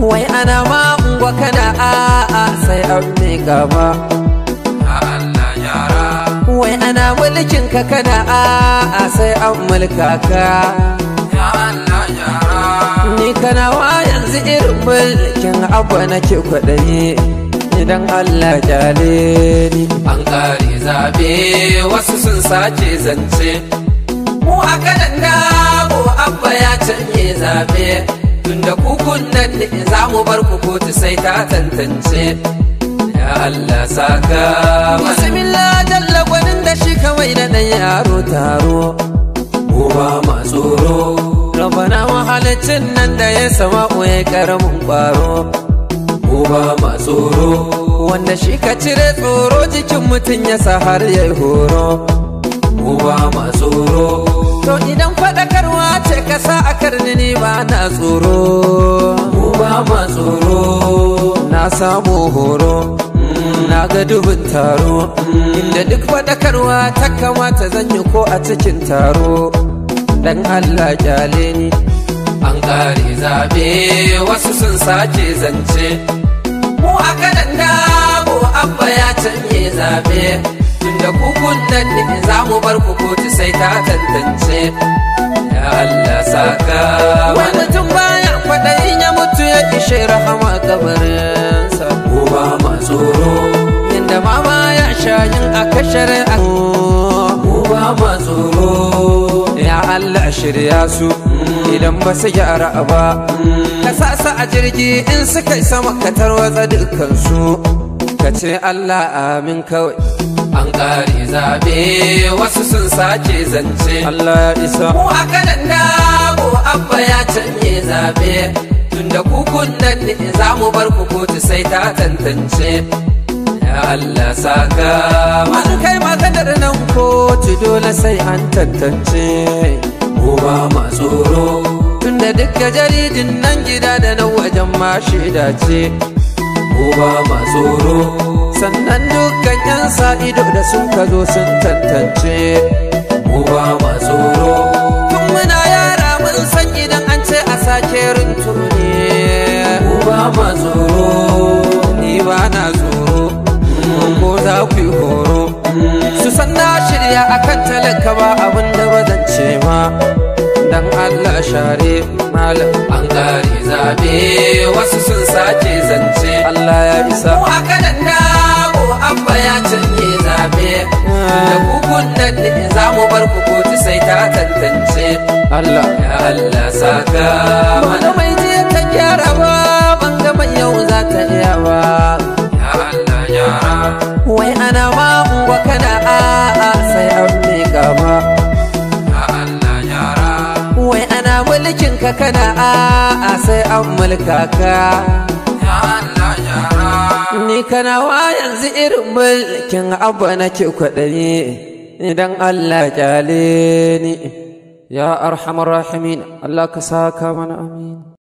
wai ana ma ungwa kana a'a sai an miƙa ma wai ana mulkin ka kana a'a sai an mulka ka ni kanawa yanzu irin mulkin abu nake kwaɗaye idan Allah jale ni an ƙare zaɓe wasu sun sace zance mu a kanan ko abba ya canye zaɓe tunda kukun nan za mu bar ku kotu sai ta tantance ya Allah saka bismillah jalla gwanin da shi kawai da dan yaro taro uwa ma tsoro rabana nan da ya sama ya karamin kwaro. uwa ma tsoro wanda shi ka cire tsoro jikin mutum ya sa har ya horo uwa ma to idan faɗakarwa ce ka sa a karni ba na tsoro kama tsoro na samu horo na ga dubin taro inda duk faɗakarwa ta kamata zan yi ko a cikin taro dan Allah kyale ni an ƙare zaɓe wasu sun sace zance mu a kanan mu abba ya canye zaɓe tunda kukun nan ne za mu bar ku kotu sai ta tantance ya Allah saka wani tun baya ya ishe rahama kabarinsa uba matsoro inda mama ya shayin a kashar an uba matsoro ya Allah shirya su mm. idan ba su gyara ba mm. ka su a jirgi in suka sama ka tarwatsa dukansu ka ce Allah amin kawai an ƙare zaɓe wasu sun sace zance Allah ya isa mu abba ya canye zaɓe da kukun nan ne za mu bar ku kotu sai ta tantance ya Allah saka man kai maganar nan kotu dole sai an tantance mu ba ma tsoro tunda dukkan jaridin nan gida da nan wajen ma shaida ce mu ba ma tsoro sannan dukkan yan sa ido da sun ka zo sun tantance ba tsoro ni ba na tsoro ko za ku yi horo su san na shirya akan talaka ba abin da ba zan ce ma dan Allah share malam an gari zabe wasu sun sace zance Allah ya isa mu ko abba ya canye zabe da kukun nan za mu bar ku kotu sai ta tantance Allah ya Allah saka mana ka kana a sai an mulka ka ni kana wa yanzu irin mulkin abu nake kwaɗani idan Allah kyale ni ya arhamar rahimin Allah ka saka mana amin